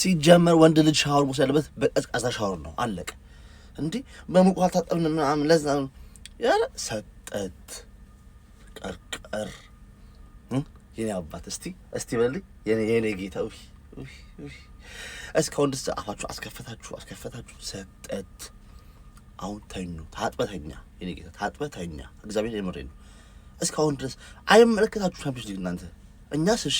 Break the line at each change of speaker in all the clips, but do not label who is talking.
ሲጀመር ወንድ ልጅ ሻወር መውሰድ ያለበት በቀዝቃዛ ሻወር ነው። አለቀ። እንዲህ በሙቅ አልታጠብን ምናምን ለዛ ያለ ሰጠት ቀርቀር የኔ አባት እስቲ እስቲ በልኝ የኔ ጌታ እስካሁን ድረስ አፋችሁ አስከፈታችሁ አስከፈታችሁ ሰጠት። አሁን ተኙ፣ ታጥበተኛ የኔ ጌታ ታጥበተኛ። እግዚአብሔር የምሬ ነው። እስካሁን ድረስ አይመለከታችሁ ሻምፒዮንስ ሊግ እናንተ እኛስ እሺ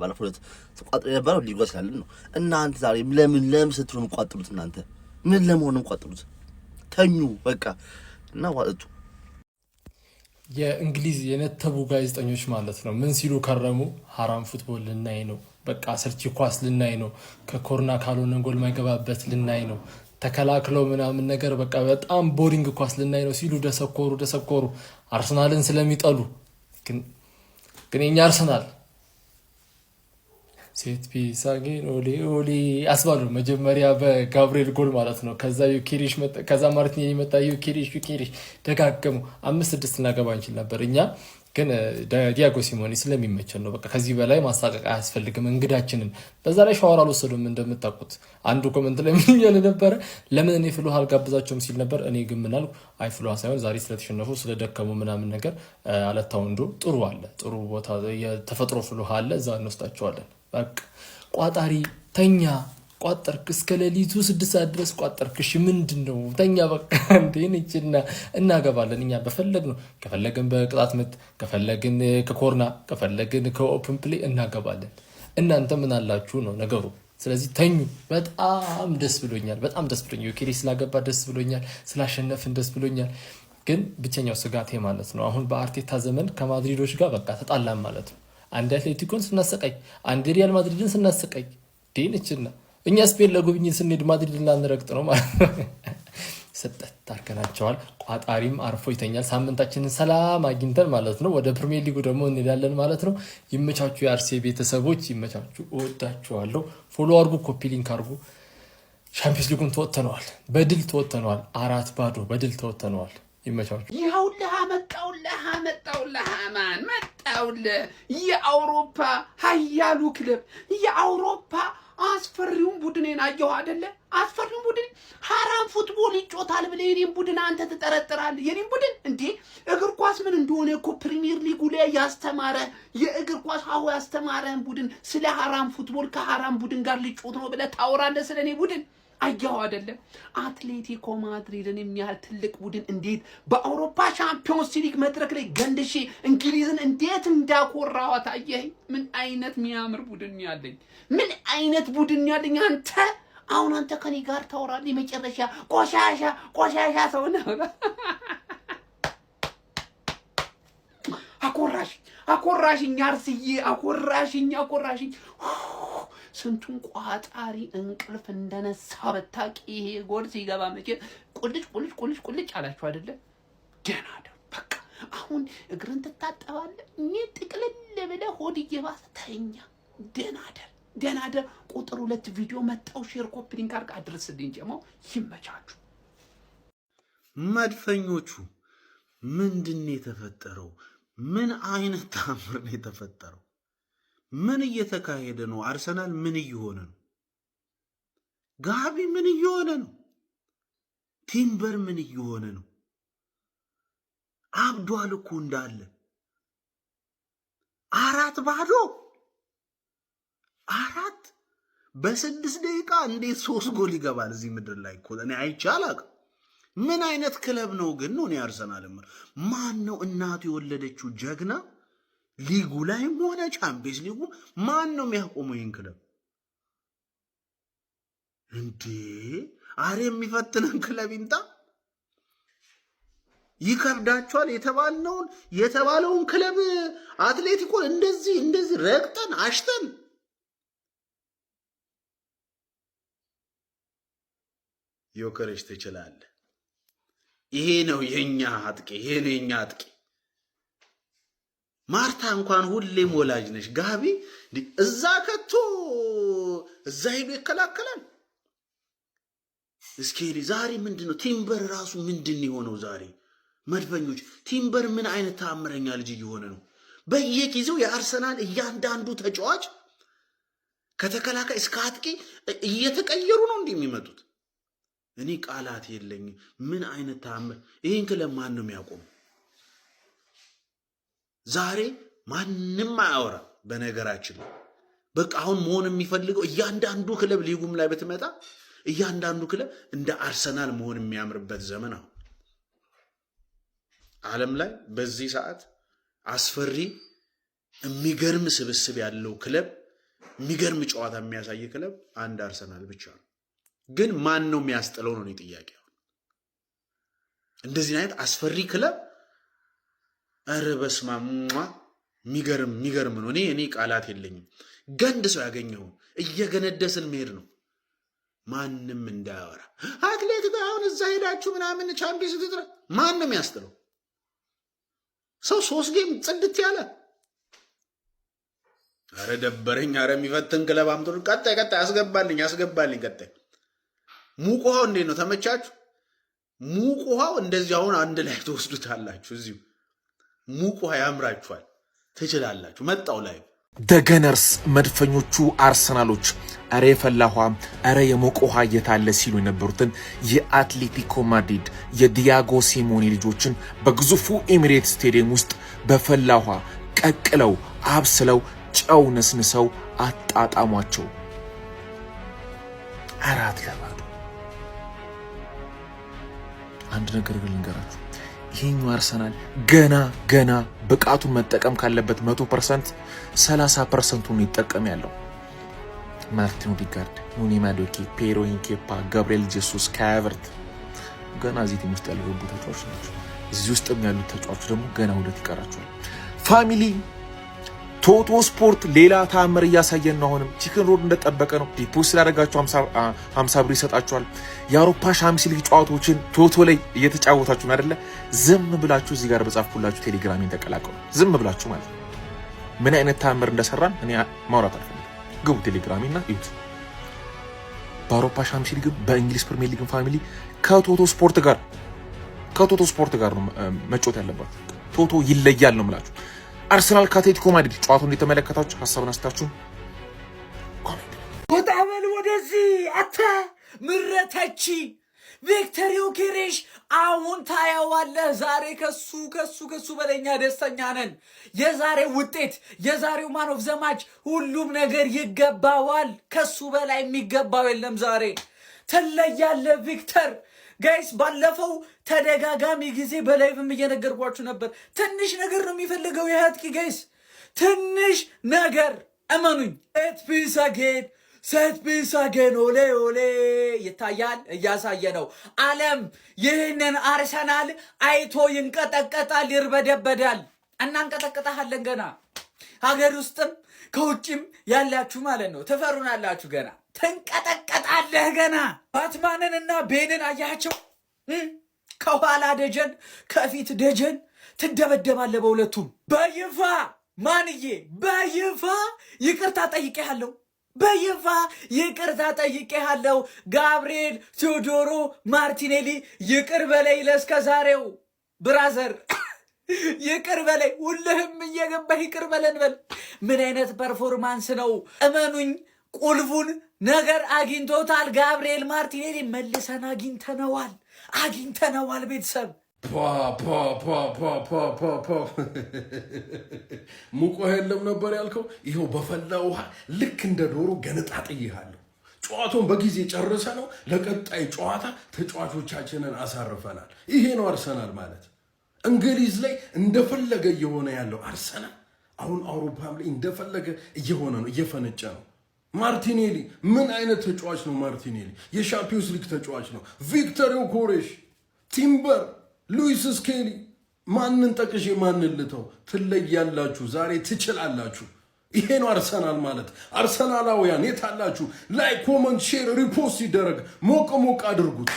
ባለፈው ዕለት ተቋጥሮ የነበረው ሊጓዝ ስላለን ነው። እናንተ ዛሬ ለምን ለምን ስትሉ እንቋጥሩት? እናንተ ምን ለመሆን እንቋጥሩት? ተኙ በቃ እና ዋጥጡ።
የእንግሊዝ የነተቡ ጋዜጠኞች ማለት ነው ምን ሲሉ ከረሙ? ሀራም ፉትቦል ልናይ ነው፣ በቃ አሰልቺ ኳስ ልናይ ነው፣ ከኮርና ካልሆነ ጎል ማይገባበት ልናይ ነው ተከላክለው ምናምን ነገር በቃ በጣም ቦሪንግ ኳስ ልናይ ነው ሲሉ ደሰኮሩ ደሰኮሩ። አርሰናልን ስለሚጠሉ ግን ግን የኛ አርሰናል ሴት ፒሳጌን ኦሌ ኦሌ አስባሉ መጀመሪያ በጋብሪኤል ጎል ማለት ነው። ከዛ ዩኬሪሽ ከዛ ማርቲኔሊ መጣ። ዩኬሪሽ ዩኬሪሽ ደጋገሙ። አምስት ስድስት እናገባ እንችል ነበር እኛ ግን ዲያጎ ሲሞኔ ስለሚመቸን ነው። በቃ ከዚህ በላይ ማሳቀቅ አያስፈልግም እንግዳችንን። በዛ ላይ ሻወር አልወሰዱም እንደምታውቁት። አንዱ ኮመንት ላይ ምን እያለ ነበረ? ለምን እኔ ፍልሃ አልጋብዛቸውም ሲል ነበር። እኔ ግን ምናል አይ ሳይሆን ዛሬ ስለተሸነፉ ስለደከሙ ምናምን ነገር አለታው እንዶ ጥሩ አለ፣ ጥሩ ቦታ የተፈጥሮ ፍልሃ አለ፣ እዛ እንወስዳቸዋለን። በቃ ቋጣሪ ተኛ ቋጠርክ እስከ ሌሊቱ ስድስት ሰዓት ድረስ ቋጠርክ። እሺ ምንድን ነው ተኛ፣ በቃ እንዴንችና እናገባለን። እኛ በፈለግ ነው ከፈለግን በቅጣት ምት፣ ከፈለግን ከኮርና፣ ከፈለግን ከኦፕን እናገባለን። እናንተ ምን አላችሁ ነው ነገሩ። ስለዚህ ተኙ። በጣም ደስ ብሎኛል፣ በጣም ደስ ብሎኛል። ዩኬ ስላገባ ደስ ብሎኛል፣ ስላሸነፍን ደስ ብሎኛል። ግን ብቸኛው ስጋቴ ማለት ነው አሁን በአርቴታ ዘመን ከማድሪዶች ጋር በቃ ተጣላን ማለት ነው። አንድ አትሌቲኮን ስናሰቃይ፣ አንድ ሪያል ማድሪድን ስናሰቃይ ዴንችና እኛ ስፔን ለጉብኝት ስንሄድ ማድሪድ እናንረግጥ ነው ማለት ሰጠት ታርከናቸዋል። ቋጣሪም አርፎ ይተኛል። ሳምንታችንን ሰላም አግኝተን ማለት ነው ወደ ፕሪሚየር ሊጉ ደግሞ እንሄዳለን ማለት ነው። ይመቻችሁ፣ የአርሴ ቤተሰቦች ይመቻችሁ። እወዳችኋለሁ። ፎሎ አርጉ፣ ኮፒ ሊንክ አርጉ። ሻምፒዮንስ ሊጉን ተወተነዋል፣ በድል ተወተነዋል። አራት ባዶ በድል ተወተነዋል። ይመቻችሁ።
ይኸውልህ መጣውልህ መጣውልህ ማን መጣውልህ የአውሮፓ ሀያሉ ክለብ የአውሮፓ አስፈሪውን ቡድኔን አየሁ አደለ? አስፈሪውን ቡድን ሀራም ፉትቦል ይጮታል ብለ የኔን ቡድን አንተ ትጠረጥራል? የኔን ቡድን እንዴ! እግር ኳስ ምን እንደሆነ እኮ ፕሪሚየር ሊጉ ላይ ያስተማረ የእግር ኳስ አሁ ያስተማረን ቡድን ስለ ሀራም ፉትቦል ከሀራም ቡድን ጋር ሊጮት ነው ብለ ታወራለህ ስለ እኔ ቡድን አያው አይደለም አትሌቲኮ ማድሪድን የሚያህል ትልቅ ቡድን እንዴት በአውሮፓ ሻምፒዮንስ ሊግ መድረክ ላይ ገንድሼ እንግሊዝን እንዴት እንዳኮራዋት አየኸኝ። ምን አይነት የሚያምር ቡድን ያለኝ፣ ምን አይነት ቡድን ያለኝ። አንተ አሁን አንተ ከኔ ጋር ታወራለህ? የመጨረሻ ቆሻሻ ቆሻሻ ሰው ነው። አኮራሽኝ፣ አኮራሽኝ፣ አርስዬ፣ አኮራሽኝ፣ አኮራሽኝ ስንቱን ቋጣሪ እንቅልፍ እንደነሳ በታቂ ይሄ ጎድ ሲገባ መቼ ቁልጭ ቁልጭ ቁልጭ ቁልጭ አላችሁ አይደለ? ደህና ደ በቃ አሁን እግርን ትታጠባለህ። እኔ ጥቅልል ብለህ ሆድ እየባሰ ተኛ። ደህና ደ ደህና ደ ቁጥር ሁለት ቪዲዮ መጣው። ሼር ኮፒ ሊንክ አድርግ አድርስልኝ። ይመቻችሁ።
መድፈኞቹ ምንድን ነው የተፈጠረው? ምን አይነት ታምር ነው የተፈጠረው? ምን እየተካሄደ ነው? አርሰናል ምን እየሆነ ነው? ጋቢ ምን እየሆነ ነው? ቲምበር ምን እየሆነ ነው? አብዷል እኮ እንዳለ አራት ባዶ አራት በስድስት ደቂቃ እንዴት ሶስት ጎል ይገባል? እዚህ ምድር ላይ እኮ እኔ አይቼ አላውቅም። ምን አይነት ክለብ ነው ግን ነው? እኔ አርሰናል ማን ነው እናቱ የወለደችው ጀግና ሊጉ ላይም ሆነ ቻምፒየንስ ሊጉ ማን ነው የሚያቆመው? ይህን ክለብ እንዴ! አሬ የሚፈትነን ክለብ ይምጣ። ይከብዳቸዋል የተባልነውን የተባለውን ክለብ አትሌቲኮን እንደዚህ እንደዚህ ረግጠን አሽተን ዮከረሽ ትችላለህ። ይሄ ነው የኛ አጥቂ፣ ይሄ ነው የኛ አጥቂ። ማርታ እንኳን ሁሌም ወላጅ ነች። ጋቢ እዛ ከቶ እዛ ሄዶ ይከላከላል። እስኪ ዛሬ ምንድን ነው ቲምበር ራሱ ምንድን የሆነው? ዛሬ መድፈኞች ቲምበር ምን አይነት ተአምረኛ ልጅ እየሆነ ነው? በየጊዜው የአርሰናል እያንዳንዱ ተጫዋች ከተከላካይ እስከ አጥቂ እየተቀየሩ ነው እንዲህ የሚመጡት። እኔ ቃላት የለኝም። ምን አይነት ተአምር! ይህን ክለብ ማን ነው የሚያቆመው? ዛሬ ማንም አያወራ። በነገራችን ላይ በቃ አሁን መሆን የሚፈልገው እያንዳንዱ ክለብ ሊጉም ላይ ብትመጣ እያንዳንዱ ክለብ እንደ አርሰናል መሆን የሚያምርበት ዘመን አሁን ዓለም ላይ በዚህ ሰዓት አስፈሪ የሚገርም ስብስብ ያለው ክለብ የሚገርም ጨዋታ የሚያሳይ ክለብ አንድ አርሰናል ብቻ ነው። ግን ማን ነው የሚያስጥለው ነው ጥያቄ። እንደዚህ አይነት አስፈሪ ክለብ ኧረ በስመ የሚገርም የሚገርም ነው። እኔ እኔ ቃላት የለኝም። ገንድ ሰው ያገኘው እየገነደስን መሄድ ነው። ማንም እንዳያወራ አትሌት አሁን እዛ ሄዳችሁ ምናምን ቻምፒየንስ ትጥረ ማንም ያስጥለው ሰው ሶስት ጌም ጽድት ያለ አረ ደበረኝ፣ አረ የሚፈትን ክለብ አምጡ። ቀጣይ ቀጣይ አስገባልኝ አስገባልኝ ቀጣይ ሙቅ ውሃው እንዴት ነው? ተመቻችሁ? ሙቅ ውሃው እንደዚህ አሁን አንድ ላይ ትወስዱታላችሁ እዚሁ ሙቅ ውሃ ያምራችኋል፣ ትችላላችሁ። መጣው ላይ
ደገነርስ መድፈኞቹ አርሰናሎች እረ የፈላኋ ውሃ እረ የሞቀ ውሃ እየታለ ሲሉ የነበሩትን የአትሌቲኮ ማድሪድ የዲያጎ ሲሞኔ ልጆችን በግዙፉ ኤሚሬት ስቴዲየም ውስጥ በፈላኋ ቀቅለው አብስለው ጨው ነስንሰው አጣጣሟቸው። አራት ለባዶ። አንድ ነገር ልንገራችሁ ይህኛው አርሰናል ገና ገና ብቃቱን መጠቀም ካለበት መቶ ፐርሰንት ሰላሳ ፐርሰንቱን ይጠቀም ያለው ማርቲን ኦዲጋርድ፣ ኑኒ ማዶኪ፣ ፔሮ ኢንኬፓ፣ ገብርኤል ጄሱስ፣ ካያቨርት ገና እዚህ ቲም ውስጥ ያልገቡ ተጫዋቾች ናቸው። እዚህ ውስጥም ያሉት ተጫዋቾች ደግሞ ገና ሁለት ይቀራቸዋል ፋሚሊ ቶቶ ስፖርት ሌላ ተአምር እያሳየን ነው። አሁንም ቺክን ሮድ እንደጠበቀ ነው። ዲፖስ ስላደረጋችሁ ሀምሳ ብር ይሰጣችኋል። የአውሮፓ ሻምፒዮንስ ሊግ ጨዋታዎችን ቶቶ ላይ እየተጫወታችሁ አይደለ? ዝም ብላችሁ እዚህ ጋር በጻፍኩላችሁ ቴሌግራሜን ተቀላቀሉ። ዝም ብላችሁ ማለት ነው። ምን አይነት ተአምር እንደሰራን እኔ ማውራት አልፈልግም። ግቡ ቴሌግራሜና እዩት። በአውሮፓ ሻምፒዮንስ ሊግም በእንግሊዝ ፕሪሚየር ሊግም ፋሚሊ ከቶቶ ስፖርት ጋር ከቶቶ ስፖርት ጋር ነው መጮት ያለባችሁ። ቶቶ ይለያል ነው የምላችሁ። አርሰናል ከአትሌቲኮ ማድሪድ ጨዋታው እንደተመለከታችሁ ሀሳቡን አስታችሁ
ወጣ በል ወደዚህ አታ ምረተቺ ቪክተር ዮኬሬሽ አሁን ታየዋለህ። ዛሬ ከሱ ከሱ ከሱ በለኛ ደስተኛ ነን። የዛሬ ውጤት የዛሬው ማን ኦፍ ዘማች ሁሉም ነገር ይገባዋል። ከሱ በላይ የሚገባው የለም። ዛሬ ትለያለህ ቪክተር ጋይስ ባለፈው ተደጋጋሚ ጊዜ በላይቭም እየነገርኳችሁ ነበር። ትንሽ ነገር ነው የሚፈልገው የሀያት ጋይስ፣ ትንሽ ነገር እመኑኝ። ሴት ፒስ ሴት ፒስ ኦሌ ኦሌ ይታያል፣ እያሳየ ነው። ዓለም ይህንን አርሰናል አይቶ ይንቀጠቀጣል፣ ይርበደበዳል። እናንቀጠቅጣሃለን ገና ሀገር ውስጥም ከውጭም ያላችሁ ማለት ነው። ትፈሩናላችሁ ገና ትንቀጠቀጣለህ። ገና ባትማንን እና ቤንን አያቸው። ከኋላ ደጀን፣ ከፊት ደጀን ትደበደባለህ። በሁለቱም በይፋ ማንዬ፣ በይፋ ይቅርታ ጠይቄሃለሁ። በይፋ ይቅርታ ጠይቄሃለሁ። ጋብርኤል ቴዎዶሮ ማርቲኔሊ ይቅር በለይ ለእስከ ዛሬው ብራዘር ይቅር በለይ ሁልህም እየገባህ ይቅር በለን በል። ምን አይነት ፐርፎርማንስ ነው? እመኑኝ ቁልፉን ነገር አግኝቶታል ጋብርኤል ማርቲኔሊ። መልሰን አግኝተነዋል አግኝተነዋል። ቤተሰብ ሙቆ የለም ነበር ያልከው፣ ይኸው በፈላ ውሃ ልክ እንደ ዶሮ ገነጣጥይሃለሁ። ጨዋታውን በጊዜ ጨርሰ ነው ለቀጣይ ጨዋታ ተጫዋቾቻችንን አሳርፈናል። ይሄ ነው አርሰናል ማለት። እንግሊዝ ላይ እንደፈለገ እየሆነ ያለው አርሰናል አሁን አውሮፓም ላይ እንደፈለገ እየሆነ ነው፣ እየፈነጨ ነው። ማርቲኔሊ ምን አይነት ተጫዋች ነው? ማርቲኔሊ የሻምፒዮንስ ሊግ ተጫዋች ነው። ቪክተር ኮሬሽ፣ ቲምበር፣ ሉዊስ ስኬሊ ማንን ጠቅሼ ማንን ልተው? ትለያላችሁ። ዛሬ ትችላላችሁ። ይሄ ነው አርሰናል ማለት። አርሰናላውያን የት አላችሁ? ላይ ኮመንት፣ ሼር፣ ሪፖስት ይደረግ። ሞቅ ሞቅ አድርጉት።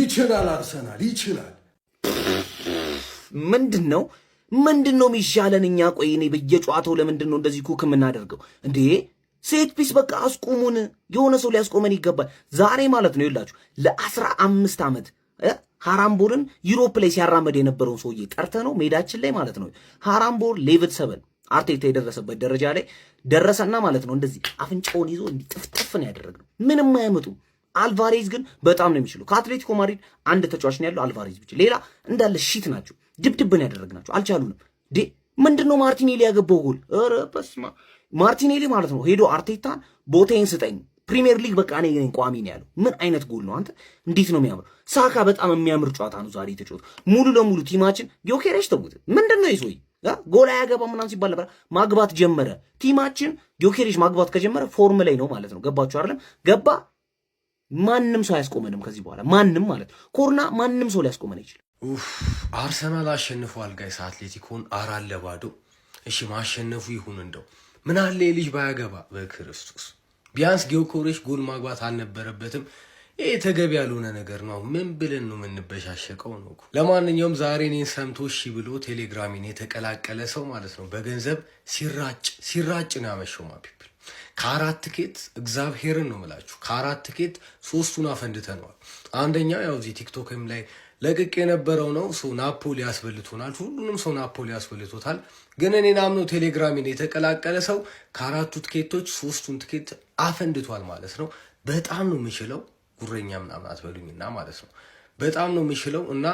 ይችላል አርሰናል ይችላል። ምንድን ነው ምንድን ነው የሚሻለን እኛ? ቆይ እኔ በየጨዋታው ለምንድን ነው እንደዚህ ኩክ የምናደርገው እንዴ? ሴት ፒስ በቃ አስቁሙን። የሆነ ሰው ሊያስቆመን ይገባል። ዛሬ ማለት ነው ይላችሁ ለአስራ አምስት ዓመት ሃራምቦርን ዩሮፕ ላይ ሲያራመድ የነበረውን ሰውዬ ጠርተ ነው ሜዳችን ላይ ማለት ነው ሃራምቦር ሌቭድ ሰበን አርቴታ የደረሰበት ደረጃ ላይ ደረሰና ማለት ነው እንደዚህ አፍንጫውን ይዞ እንዲህ ነው ያደረግነው። ምንም አያመጡ። አልቫሬዝ ግን በጣም ነው የሚችሉ። ከአትሌቲኮ ማድሪድ አንድ ተጫዋች ነው ያለው አልቫሬዝ ብቻ፣ ሌላ እንዳለ ሺት ናቸው። ድብድብን ያደረግናቸው አልቻሉንም። ምንድን ነው ማርቲኔሊ ያገባው ጎል? ኧረ በስመ አብ ማርቲኔሊ ማለት ነው ሄዶ አርቴታን ቦታዬን ስጠኝ ፕሪሚየር ሊግ በቃ እኔ ቋሚ ነው ያለው። ምን አይነት ጎል ነው አንተ! እንዴት ነው የሚያምረው! ሳካ በጣም የሚያምር ጨዋታ ነው ዛሬ የተጫወተው። ሙሉ ለሙሉ ቲማችን ጊዮኬሬሽ ተውት፣ ምንድን ነው ይዞይ ጎል አያገባ ምናምን ሲባል ነበር። ማግባት ጀመረ ቲማችን። ጊዮኬሬሽ ማግባት ከጀመረ ፎርም ላይ ነው ማለት ነው። ገባችሁ አይደለም? ገባ። ማንም ሰው አያስቆመንም ከዚህ በኋላ ማንም ማለት ኮርና፣ ማንም ሰው ሊያስቆመን አይችልም። አርሰናል አሸንፏል ጋይስ አትሌቲኮን አራት ለባዶ። እሺ ማሸነፉ ይሁን እንደው ምን አለ ልጅ ባያገባ በክርስቶስ ቢያንስ ጊዮኮሬሽ ጎል ማግባት አልነበረበትም። ይህ ተገቢ ያልሆነ ነገር ነው። ምን ብለን ነው የምንበሻሸቀው ነው? ለማንኛውም ዛሬ እኔን ሰምቶ እሺ ብሎ ቴሌግራሚን የተቀላቀለ ሰው ማለት ነው በገንዘብ ሲራጭ ሲራጭ ነው ያመሸው። ማፒፕል ከአራት ትኬት እግዚአብሔርን ነው ምላችሁ፣ ከአራት ትኬት ሶስቱን አፈንድተነዋል። አንደኛው ያው እዚህ ቲክቶክም ላይ ለቅቅ የነበረው ነው። ሰው ናፖሊ ያስበልቶናል። ሁሉንም ሰው ናፖሊ ያስበልቶታል። ግን እኔን አምኖ ቴሌግራሚን የተቀላቀለ ሰው ከአራቱ ትኬቶች ሶስቱን ትኬት አፈንድቷል ማለት ነው። በጣም ነው የምችለው ጉረኛ ምናምን አትበሉኝና ማለት ነው። በጣም ነው የምችለው እና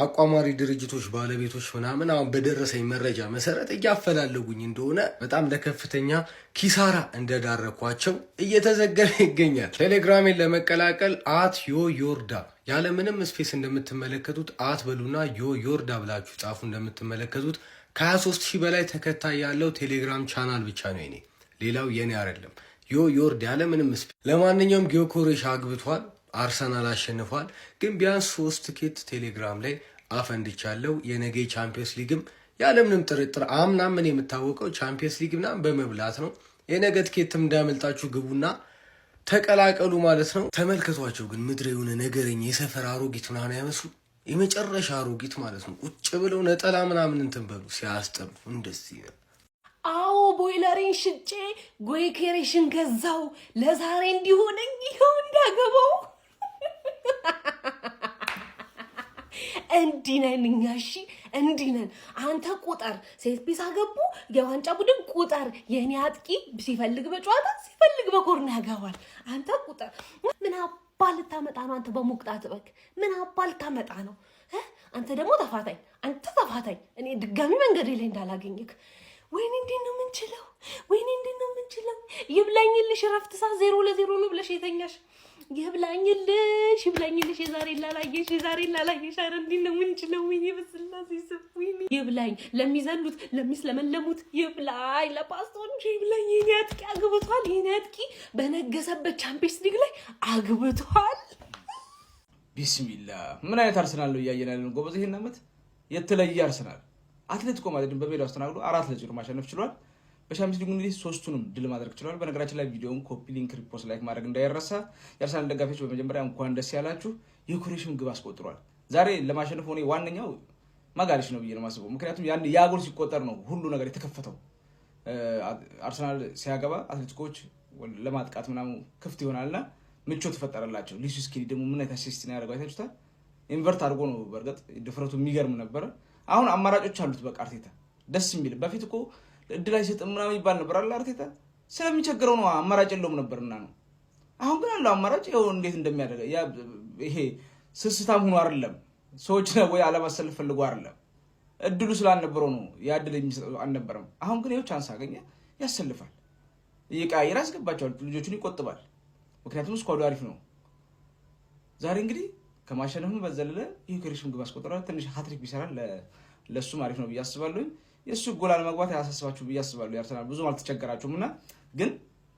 አቋማሪ ድርጅቶች ባለቤቶች ምናምን አሁን በደረሰኝ መረጃ መሰረት እያፈላለጉኝ እንደሆነ በጣም ለከፍተኛ ኪሳራ እንደዳረኳቸው እየተዘገበ ይገኛል። ቴሌግራሜን ለመቀላቀል አት ዮ ዮርዳ ያለምንም ስፔስ እንደምትመለከቱት አት በሉና ዮ ዮርዳ ብላችሁ ጻፉ። እንደምትመለከቱት ከ23 ሺህ በላይ ተከታይ ያለው ቴሌግራም ቻናል ብቻ ነው የኔ፣ ሌላው የኔ አይደለም። ዮ ዮርዳ ያለምንም ስፔስ። ለማንኛውም ጊዮኮሬሽ አግብቷል። አርሰናል አሸንፏል። ግን ቢያንስ ሶስት ትኬት ቴሌግራም ላይ አፈንድቻለሁ። የነገ ቻምፒየንስ ሊግም ያለምንም ጥርጥር አምና ምን የምታወቀው ቻምፒየንስ ሊግ ምናምን በመብላት ነው። የነገ ትኬትም እንዳያመልጣችሁ ግቡና ተቀላቀሉ ማለት ነው። ተመልከቷቸው ግን ምድረ የሆነ ነገረኛ የሰፈር አሮጊት ምናምን አይመስሉ የመጨረሻ አሮጊት ማለት ነው። ቁጭ ብለው ነጠላ ምናምን እንትን በሉ ሲያስጠሉ እንደዚህ ነው። አዎ ቦይለሬን ሽጬ ጎይኬሬሽን ገዛው ለዛሬ እንዲሆነኝ ይኸው እንዳገባው እንዲነን እኛ። እሺ እንዲነን አንተ ቁጠር፣ ሴት ፒስ አገቡ የዋንጫ ቡድን ቁጠር። የእኔ አጥቂ ሲፈልግ በጨዋታ ሲፈልግ በኮርና ያገባል። አንተ ቁጠር። ምን አባ ልታመጣ ነው አንተ በሙቅጣ በግ ምን አባ ልታመጣ ነው? አንተ ደግሞ ተፋታኝ፣ አንተ ተፋታኝ። እኔ ድጋሚ መንገድ ላይ እንዳላገኝክ ወይኔ እንዴት ነው የምንችለው? ወይኔ እንዴት ነው የምንችለው? ይብላኝልሽ እረፍት ሰዓት ዜሮ ለዜሮ ነው ብለሽ የተኛሽ ይብላኝልሽ ይብላኝልሽ የዛሬ ላላየሽ የዛሬ ላላየሽ። ኧረ እንዲህ ነው እንችለው። ይሄ በስላሴ ይስፉኝ። ይብላኝ ለሚዘሉት ለሚስለመለሙት ይብላኝ። ለፓስቶቹ ይብላኝ። የኔ አጥቂ አግብቷል። የኔ አጥቂ በነገሰበት ቻምፒየንስ ሊግ ላይ አግብቷል። ቢስሚላ ምን አይነት አርሰናል ነው እያየን ያለን ጎበዝ። ይህን ዓመት የተለየ አርሰናል አትሌቲኮ ማድሪድን በሜዳው አስተናግዶ አራት ለዜሮ ማሸነፍ ችሏል። በሻምፒዮንስ ሊጉ እንግዲህ ሶስቱንም ድል ማድረግ ችሏል። በነገራችን ላይ ቪዲዮውን ኮፒ ሊንክ፣ ሪፖርት ላይክ ማድረግ እንዳይረሳ። የአርሰናል ደጋፊዎች በመጀመሪያ እንኳን ደስ ያላችሁ። የኩሬሽም ግብ አስቆጥሯል። ዛሬ ለማሸነፍ ሆኔ ዋነኛው ማጋሊሽ ነው ብዬ ነው የማስበው። ምክንያቱም ያን ያጎል ሲቆጠር ነው ሁሉ ነገር የተከፈተው። አርሰናል ሲያገባ አትሌቲኮች ለማጥቃት ምናምን ክፍት ይሆናልና ምቾት ተፈጠረላቸው። ሊሱ ስኪሊ ደግሞ ምን አይነት አሲስት ነው ያደርገው አይታችሁታል። ኢንቨርት አድርጎ ነው። በእርግጥ ድፍረቱ የሚገርም ነበረ። አሁን አማራጮች አሉት። በቃ አርቴታ ደስ የሚል በፊት እኮ እድል አይሰጥም ምናምን ይባል ነበር አለ አርቴታ። ስለሚቸግረው ነው አማራጭ የለውም ነበርና ነው። አሁን ግን አለው አማራጭ። ይኸው እንዴት እንደሚያደርግ ይሄ ስስታም ሆኖ አይደለም ሰዎች ወይ አለማሰለፍ ፈልጎ አይደለም እድሉ ስላልነበረው ነው። ያ እድል የሚሰጥ አልነበረም። አሁን ግን ይኸው ቻንስ አገኘ፣ ያሰልፋል፣ እየቀያየር ያስገባቸዋል፣ ልጆቹን ይቆጥባል። ምክንያቱም ስኳዱ አሪፍ ነው። ዛሬ እንግዲህ ከማሸነፍም በዘለለ ይህ ክሪሽም ምግብ አስቆጠረ። ትንሽ ሀትሪክ ቢሰራ ለእሱም አሪፍ ነው ብዬ አስባለሁኝ። የእሱ ጎል አለመግባት ያሳስባችሁ ብዬ አስባለሁ። የአርሰናል ብዙም አልተቸገራችሁም እና ግን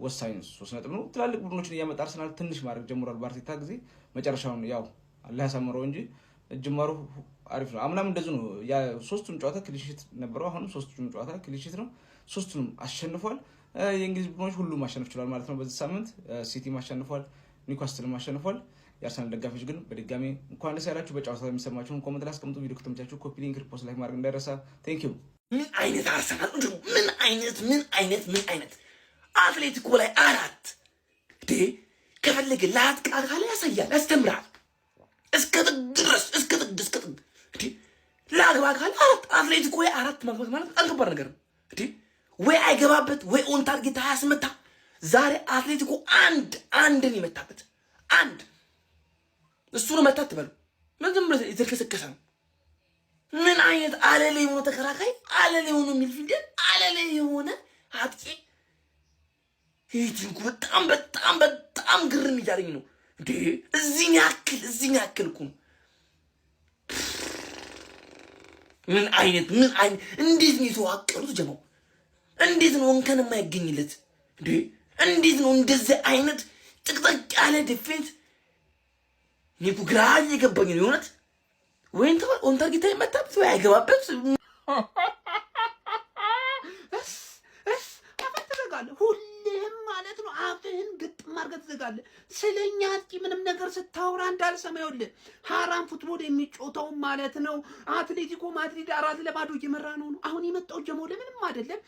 ወሳኝ ሶስት ነጥብ ነው። ትላልቅ ቡድኖችን እያመጣ አርሰናል ትንሽ ማድረግ ጀምሯል። በአርቴታ ጊዜ መጨረሻውን ያው አላህ ያሳምረው እንጂ ጅማሩ አሪፍ ነው። አምናም እንደዚሁ ነው። ሶስቱም ጨዋታ ክሊሽት ነበረው። አሁንም ሶስቱም ጨዋታ ክሊሽት ነው። ሶስቱንም አሸንፏል። የእንግሊዝ ቡድኖች ሁሉም ማሸነፍ ችሏል ማለት ነው። በዚህ ሳምንት ሲቲም አሸንፏል፣ ኒውካስትልም አሸንፏል። የአርሰናል ደጋፊዎች ግን በድጋሚ እንኳን ደስ ያላችሁ። በጨዋታ የሚሰማችሁን ኮመንት ላይ አስቀምጡ። ቪዲዮ ከተመቻችሁ ኮፒ ሊንክ፣ ሪፖስት ላይ ማድረግ እንዳይረሳ። ቴንኪዩ ምን አይነት አርሰናል! ምን አይነት ምን አይነት ምን አይነት አትሌቲኮ ላይ አራት ከፈለገ ለአጥቃ ካለ ያሳያል፣ ያስተምራል እስከ ጥግ ድረስ እስከ ጥግ እስከ ጥግ እንዴ ለአግባ ካለ አራት አትሌቲኮ ላይ አራት ማግባት ማለት በጣም ነገር ነው። እንዴ ወይ አይገባበት ወይ ኦን ታርጌት አያስመታ። ዛሬ አትሌቲኮ አንድ አንድን የመታበት አንድ እሱ ነው መታት ትበሉ ምንም የተልከሰከሰ ነው። ምን አይነት አለሌ የሆነ ተከራካይ፣ አለሌ የሆነ ሚድፊልደር፣ አለሌ የሆነ አጥቂ። ሄቲንኩ በጣም በጣም በጣም ግርም እያለኝ ነው እንዴ! እዚህን ያክል እዚህን ያክል እኮ ነው። ምን አይነት ምን አይነት እንዴት ነው የተዋቀሩት ጀማው? እንዴት ነው እንከን የማያገኝለት እንዴ? እንዴት ነው እንደዚህ አይነት ጥቅጥቅ ያለ ዲፌንስ? እኔ እኮ ግራ እየገባኝ ነው የእውነት ወይም ኦን ታርጌት አይመታበት ወይ አይገባበት። ማለት ነው። አፍህን ግጥም አድርገህ ስለኛ አጥቂ ምንም ነገር ስታወራ እንዳልሰማ ይኸውልህ። ሀራም ፉትቦል የሚጮተው ማለት ነው። አትሌቲኮ ማድሪድ አራት ለባዶ እየመራ ነው አሁን የመጣው ጀሞ ለምንም አይደለም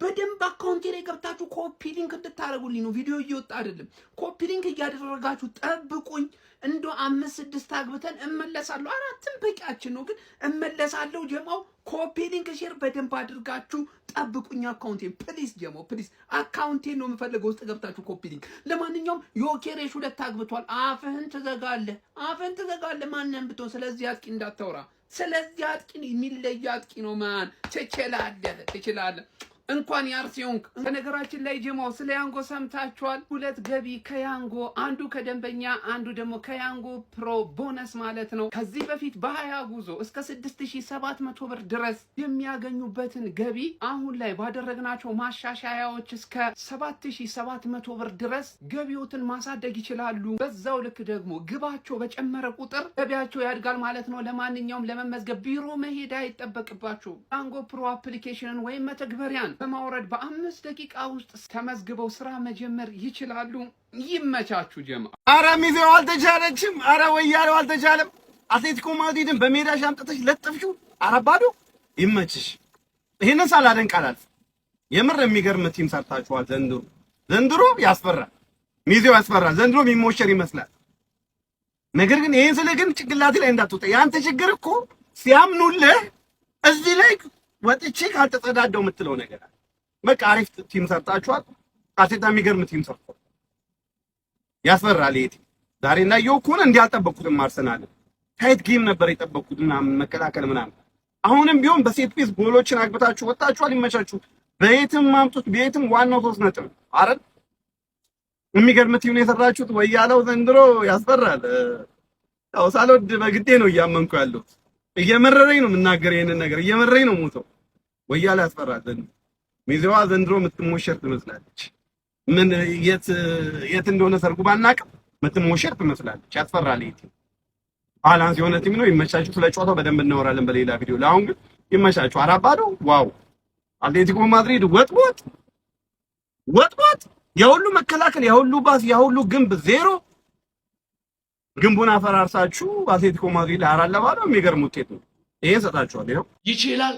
በደንብ አካውንቴ ላይ ገብታችሁ ኮፒ ሊንክ እንድታደርጉልኝ ነው። ቪዲዮ እየወጣ አይደለም። ኮፒ ሊንክ እያደረጋችሁ ጠብቁኝ። እንደ አምስት ስድስት አግብተን እመለሳለሁ። አራትም በቂያችን ነው፣ ግን እመለሳለሁ። ጀማው ኮፒ ሊንክ ሼር በደንብ አድርጋችሁ ጠብቁኝ። አካውንቴን ፕሊስ፣ ጀማው ፕሊስ፣ አካውንቴን ነው የምፈልገው። ውስጥ ገብታችሁ ኮፒ ሊንክ። ለማንኛውም ዮኬሬሽ ሁለት አግብቷል። አፍህን ትዘጋለህ፣ አፍህን ትዘጋለህ። ማንም ብትሆን ስለዚህ አጥቂ እንዳታወራ። ስለዚህ አጥቂ የሚለየ አጥቂ ነው። ማን ትችላለህ፣ ትችላለህ እንኳን የአርሴውንክ በነገራችን ላይ ጀማው ስለ ያንጎ ሰምታችኋል። ሁለት ገቢ ከያንጎ አንዱ ከደንበኛ አንዱ ደግሞ ከያንጎ ፕሮ ቦነስ ማለት ነው። ከዚህ በፊት በሀያ ጉዞ እስከ 6700 ብር ድረስ የሚያገኙበትን ገቢ አሁን ላይ ባደረግናቸው ማሻሻያዎች እስከ 7700 ብር ድረስ ገቢዎትን ማሳደግ ይችላሉ። በዛው ልክ ደግሞ ግባቸው በጨመረ ቁጥር ገቢያቸው ያድጋል ማለት ነው። ለማንኛውም ለመመዝገብ ቢሮ መሄድ አይጠበቅባችሁ። ያንጎ ፕሮ አፕሊኬሽንን ወይም መተግበሪያን በማውረድ በአምስት ደቂቃ ውስጥ ተመዝግበው ስራ መጀመር ይችላሉ። ይመቻቹ ጀማ። አረ ሚዜው አልተቻለችም። አረ ወያለው አልተቻለም። አትሌቲኮ ማድሪድን በሜዳሽ አምጥተሽ ለጥፍሹ። አረ ይመችሽ። ይህንን ሳላደንቅ አላልፍም። የምር የሚገርም ቲም ሰርታችኋል ዘንድሮ። ዘንድሮ ያስፈራል፣ ሚዜው ያስፈራል። ዘንድሮ የሚሞሸር ይመስላል። ነገር ግን ይህን ስለ ግን ጭንቅላት ላይ እንዳትወጣ። የአንተ ችግር እኮ ሲያምኑልህ እዚህ ላይ ወጥቼ ካልተጸዳደው የምትለው ነገር በቃ አሪፍ ቲም ሰርታችኋል። አርቴታ የሚገርም ቲም ሰርቷል። ያስፈራል። ይሄ ቲም ዛሬ እንዳየሁ ከሆነ እንዲህ አልጠበቅኩትም። አርሰናል ታይት ጌም ነበር የጠበቅኩት ምናምን መከላከል ምናምን። አሁንም ቢሆን በሴት ፒስ ጎሎችን አግብታችሁ ወጣችኋል። ይመቻችሁ። በየትም ማምጡት በየትም ዋናው ሶስት ነጥብ አረን የሚገርም ቲም ነው የሰራችሁት። ወያለው ዘንድሮ ያስፈራል። ያው ሳልወድ በግዴ ነው እያመንኩ ያለሁት። እየመረረኝ ነው የምናገር ይሄንን ነገር እየመረረኝ ነው ሞተው ወያላ ያስፈራ ዘንድ ሚዜዋ ዘንድሮ የምትሞሸር ትመስላለች። ምን የት የት እንደሆነ ሰርጉ ባናቅም የምትሞሸር ትመስላለች። ያስፈራል። ይሄ ባላንስ የሆነ ቲም ነው። ይመቻችሁ። ስለ ጨዋታው በደንብ እናወራለን በሌላ ቪዲዮ። ለአሁን ግን ይመቻችሁ። አራባዶ ዋው! አትሌቲኮ ማድሪድ ወጥቦት ወጥቦት የሁሉ መከላከል የሁሉ ባስ የሁሉ ግንብ ዜሮ ግንቡን አፈራርሳችሁ አትሌቲኮ ማድሪድ አራት ለባዶ የሚገርም ውጤት ነው። ይሄን ሰጣችኋል። ይኸው ይችላል፣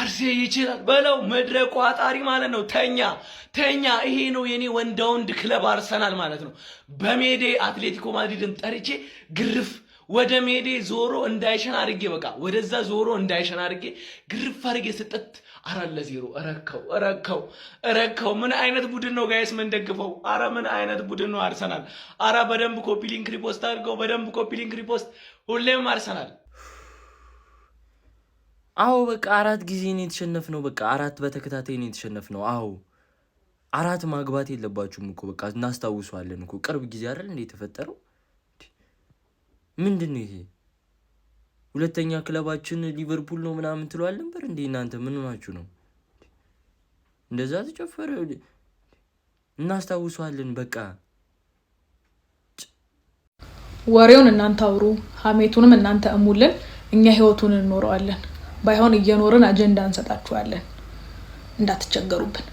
አርሴ ይችላል በለው። መድረቁ አጣሪ ማለት ነው። ተኛ ተኛ። ይሄ ነው የኔ ወንዳ ወንድ ክለብ አርሰናል ማለት ነው። በሜዴ አትሌቲኮ ማድሪድን ጠርቼ ግርፍ ወደ ሜዴ ዞሮ እንዳይሸን አድርጌ፣ በቃ ወደዛ ዞሮ እንዳይሸን አድርጌ ግርፍ አድርጌ ስጠት አራት ለዜሮ እረከው እረከው እረከው። ምን አይነት ቡድን ነው ጋይስ ደግፈው? አረ ምን አይነት ቡድን ነው አርሰናል። አረ በደንብ ኮፒ ሊንክ ሪፖስት አድርገው፣ በደንብ ኮፒ ሊንክ ሪፖስት። ሁሌም አርሰናል። አዎ በቃ አራት ጊዜ ነው የተሸነፍ ነው። በቃ አራት በተከታታይ ነው የተሸነፍ ነው። አዎ አራት ማግባት የለባችሁም እኮ በቃ እናስታውሷለን እኮ ቅርብ ጊዜ አይደል እንዴ የተፈጠረው ምንድን ነው ይሄ? ሁለተኛ ክለባችን ሊቨርፑል ነው ምናምን ትለዋል ነበር እንዴ? እናንተ ምን ሆናችሁ ነው እንደዛ ተጨፈረ? እናስታውሰዋለን። በቃ ወሬውን እናንተ አውሩ፣ ሀሜቱንም እናንተ እሙልን፣ እኛ ህይወቱን እንኖረዋለን። ባይሆን እየኖርን አጀንዳ እንሰጣችኋለን፣ እንዳትቸገሩብን።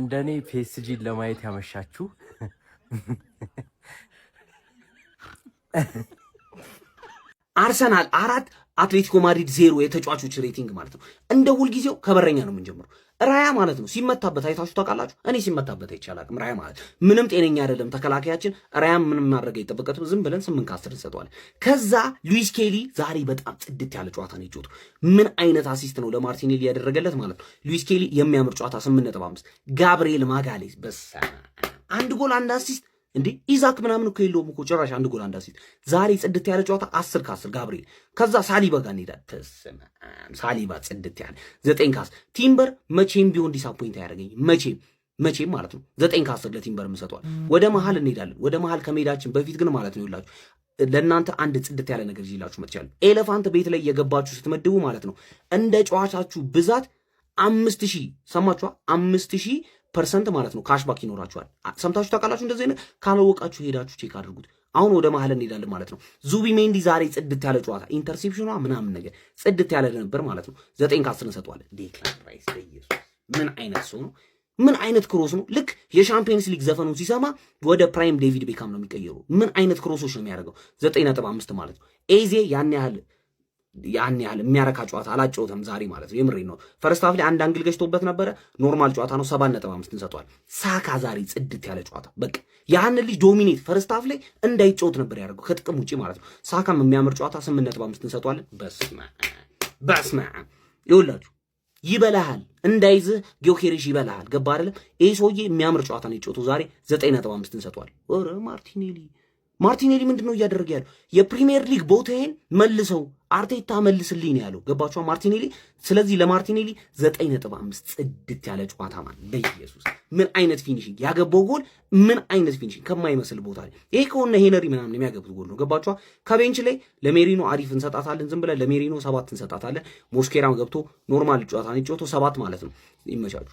እንደኔ ፒኤስጂን ለማየት ያመሻችሁ አርሰናል አራት አትሌቲኮ ማድሪድ ዜሮ የተጫዋቾች ሬቲንግ ማለት ነው። እንደ ሁልጊዜው ከበረኛ ነው የምንጀምረው። ራያ ማለት ነው ሲመታበት አይታችሁ ታውቃላችሁ? እኔ ሲመታበት አይቻላቅም። ራያ ማለት ምንም ጤነኛ አይደለም ተከላካያችን። ራያ ምንም ማድረግ አይጠበቀትም። ዝም ብለን ስምንት ከአስር እንሰጠዋለን። ከዛ ሉዊስ ኬሊ ዛሬ በጣም ጽድት ያለ ጨዋታ ነው የጫወቱ። ምን አይነት አሲስት ነው ለማርቲኔሊ ያደረገለት ማለት ነው። ሉዊስ ኬሊ የሚያምር ጨዋታ ስምንት ነጥብ አምስት ጋብርኤል ማጋሌ በሳ አንድ ጎል አንድ አሲስት እንዴ ኢዛክ ምናምን እኮ የለውም እኮ ጭራሽ አንድ ጎል አንዳሲት ዛሬ ጽድት ያለ ጨዋታ አስር ከአስር ጋብሪኤል። ከዛ ሳሊባ ጋር እንሄዳለን። ሳሊባ ጽድት ያለ ዘጠኝ ከአስር። ቲምበር መቼም ቢሆን ዲሳፖይንት አያደርገኝ መቼም መቼም ማለት ነው። ዘጠኝ ከአስር ለቲምበር ምሰጠዋል። ወደ መሀል እንሄዳለን። ወደ መሀል ከመሄዳችን በፊት ግን ማለት ነው ይላችሁ ለእናንተ አንድ ጽድት ያለ ነገር ይላችሁ መጥቻለሁ። ኤሌፋንት ቤት ላይ የገባችሁ ስትመድቡ ማለት ነው እንደ ጨዋታችሁ ብዛት አምስት ሺህ ሰማችኋ አምስት ሺህ ፐርሰንት ማለት ነው ካሽባክ ይኖራችኋል። ሰምታችሁ ታውቃላችሁ? እንደዚህ አይነት ካላወቃችሁ ሄዳችሁ ቼክ አድርጉት። አሁን ወደ መሀል እንሄዳለን ማለት ነው። ዙቢ ሜንዲ ዛሬ ጽድት ያለ ጨዋታ ኢንተርሴፕሽኗ ምናምን ነገር ጽድት ያለ ነበር ማለት ነው። ዘጠኝ ከአስር እንሰጠዋለን። ዴክላን ራይስ ምን አይነት ሰው ነው? ምን አይነት ክሮስ ነው? ልክ የሻምፒየንስ ሊግ ዘፈኑን ሲሰማ ወደ ፕራይም ዴቪድ ቤካም ነው የሚቀየሩ። ምን አይነት ክሮሶች ነው የሚያደርገው? ዘጠኝ ነጥብ አምስት ማለት ነው። ኤዜ ያን ያህል ያን ያህል የሚያረካ ጨዋታ አላጨውተም ዛሬ ማለት ነው። የምሬ ነው። ፈርስት ሀፍ ላይ አንድ አንግል ገጭቶበት ነበረ። ኖርማል ጨዋታ ነው። ሰባት ነጥብ አምስት እንሰጠዋል። ሳካ ዛሬ ጽድት ያለ ጨዋታ በቃ ያን ልጅ ዶሚኔት ፈርስት ሀፍ ላይ እንዳይጨውት ነበር ያደርገው ከጥቅም ውጭ ማለት ነው። ሳካም የሚያምር ጨዋታ ስምንት ነጥብ አምስት እንሰጠዋለን። በስመ በስመ ይውላችሁ ይበላሃል እንዳይዝህ ጊዮኬሬሽ ይበላሃል። ገባ አይደለም? ይህ ሰውዬ የሚያምር ጨዋታ ነው የጨዋታው ዛሬ ዘጠኝ ነጥብ አምስት እንሰጠዋል። ኧረ ማርቲኔሊ ማርቲኔሊ ምንድን ነው እያደረገ ያለው? የፕሪሚየር ሊግ ቦታዬን መልሰው አርቴታ መልስልኝ ነው ያለው። ገባችኋ? ማርቲኔሊ ስለዚህ ለማርቲኔሊ ዘጠኝ ነጥብ አምስት ጽድት ያለ ጨዋታ ማለት በኢየሱስ ምን አይነት ፊኒሽንግ ያገባው ጎል! ምን አይነት ፊኒሽንግ ከማይመስል ቦታ ላይ ይሄ ከሆነ ሄነሪ ምናምን የሚያገቡት ጎል ነው። ገባችኋ? ከቤንች ላይ ለሜሪኖ አሪፍ እንሰጣታለን። ዝም ብለን ለሜሪኖ ሰባት እንሰጣታለን። ሞስኬራም ገብቶ ኖርማል ጨዋታ ነው ሰባት ማለት ነው። ይመቻችሁ።